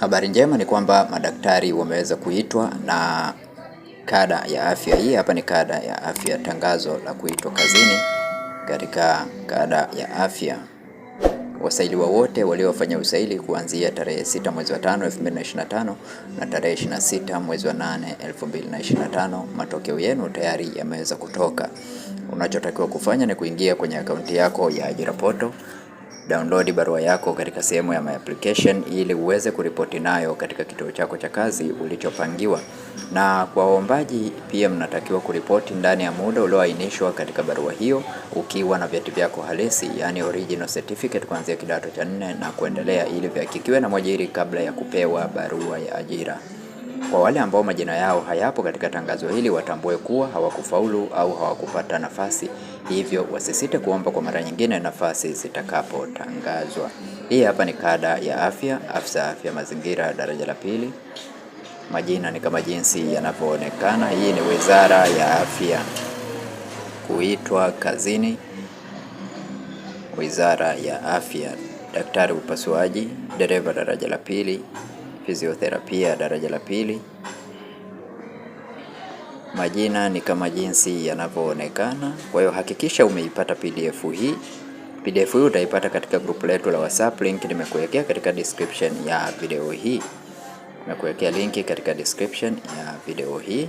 habari njema ni kwamba madaktari wameweza kuitwa na kada ya afya. Hii hapa ni kada ya afya, tangazo la kuitwa kazini katika kada ya afya. Wasailiwa wote waliofanya usaili kuanzia tarehe 6 mwezi wa 5 2025 na tarehe 26 mwezi wa 8 2025, matokeo yenu tayari yameweza kutoka. Unachotakiwa kufanya ni kuingia kwenye akaunti yako ya ajira poto download barua yako katika sehemu ya my application ili uweze kuripoti nayo katika kituo chako cha kazi ulichopangiwa. Na kwa waombaji pia mnatakiwa kuripoti ndani ya muda ulioainishwa katika barua hiyo ukiwa na vyeti vyako halisi, yani original certificate kuanzia kidato cha nne na kuendelea, ili vihakikiwe na mwajiri kabla ya kupewa barua ya ajira. Kwa wale ambao majina yao hayapo katika tangazo hili, watambue kuwa hawakufaulu au hawakupata nafasi hivyo wasisite kuomba kwa mara nyingine nafasi zitakapotangazwa. Hii hapa ni kada ya afya, afisa afya mazingira daraja la pili. Majina ni kama jinsi yanavyoonekana. Hii ni wizara ya afya. Kuitwa kazini, wizara ya afya. Daktari upasuaji, dereva daraja la pili, fizioterapia daraja la pili. Majina ni kama jinsi yanavyoonekana. Kwa hiyo hakikisha umeipata pdf hii. PDF hii utaipata katika grupu letu la WhatsApp, link nimekuwekea katika description ya video hii, nimekuwekea linki katika description ya video hii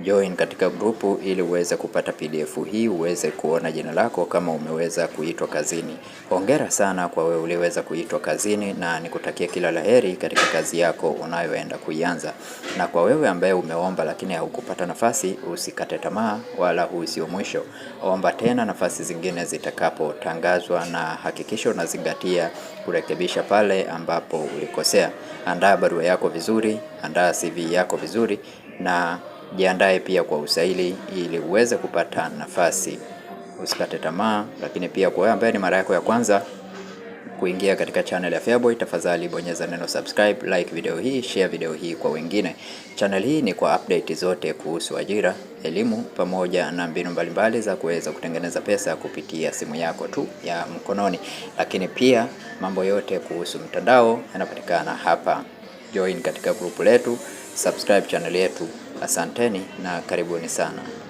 join katika grupu ili uweze kupata PDF hii, uweze kuona jina lako kama umeweza kuitwa kazini. Hongera sana kwa wewe uliweza kuitwa kazini, na nikutakia kila laheri katika kazi yako unayoenda kuianza. Na kwa wewe ambaye umeomba lakini haukupata nafasi, usikate tamaa, wala huu sio mwisho. Omba tena nafasi zingine zitakapotangazwa, na hakikisha unazingatia kurekebisha pale ambapo ulikosea. Andaa barua yako vizuri, andaa CV yako vizuri na Jiandae pia kwa usaili ili uweze kupata nafasi, usikate tamaa. Lakini pia kwa wewe ambaye ni mara yako ya kwanza kuingia katika channel ya Feaboy, tafadhali bonyeza neno subscribe, like video hii, share video hii kwa wengine. Channel hii ni kwa update zote kuhusu ajira, elimu pamoja na mbinu mbalimbali za kuweza kutengeneza pesa kupitia simu yako tu ya mkononi. Lakini pia mambo yote kuhusu mtandao yanapatikana hapa. Join katika grupu letu, subscribe channel yetu. Asanteni na karibuni sana.